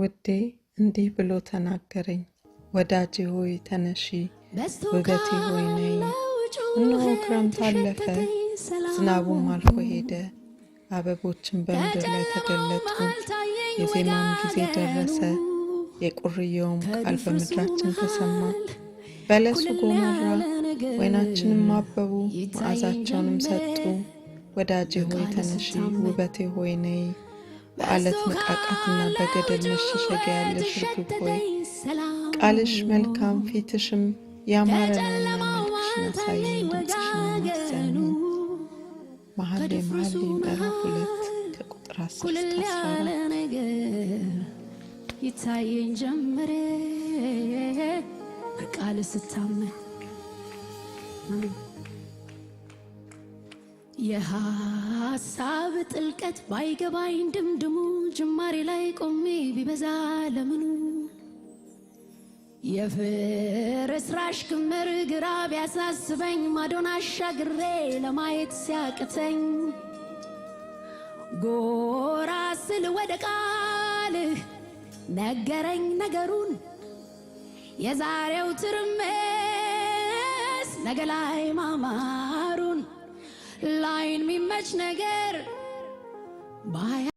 ውዴ እንዲህ ብሎ ተናገረኝ። ወዳጄ ሆይ ተነሺ፣ ውበቴ ሆይ ነይ። እነሆ ክረምት አለፈ፣ ዝናቡም አልፎ ሄደ። አበቦችን በምድር ላይ ተገለጡ። የዜማም ጊዜ ደረሰ፣ የቁርየውም ቃል በምድራችን ተሰማ። በለሱ ጎመራ፣ ወይናችንም አበቡ፣ መዓዛቸውንም ሰጡ። ወዳጄ ሆይ ተነሺ፣ ውበቴ ሆይ ነይ። በዓለት መቃቃትና በገደል መሸሸጊያ ያለሽ ርግብ ሆይ ቃልሽ መልካም ፊትሽም ያማረ ነውና መልክሽን አሳየን ድምፅሽን ማሰሚን። መኃልየ ምዕራፍ ሁለት ከቁጥር አስር ይታየኝ በቃል ስታመን የሀሳብ ጥልቀት ባይገባኝ ድምድሙ ጅማሬ ላይ ቆሜ ቢበዛ ለምኑ የፍርስራሽ ክምር ግራ ቢያሳስበኝ ማዶን አሻግሬ ለማየት ሲያቅተኝ ጎራ ስል ወደ ቃልህ ነገረኝ ነገሩን የዛሬው ትርምስ ነገ ላይ ማማ line me, mechneger bye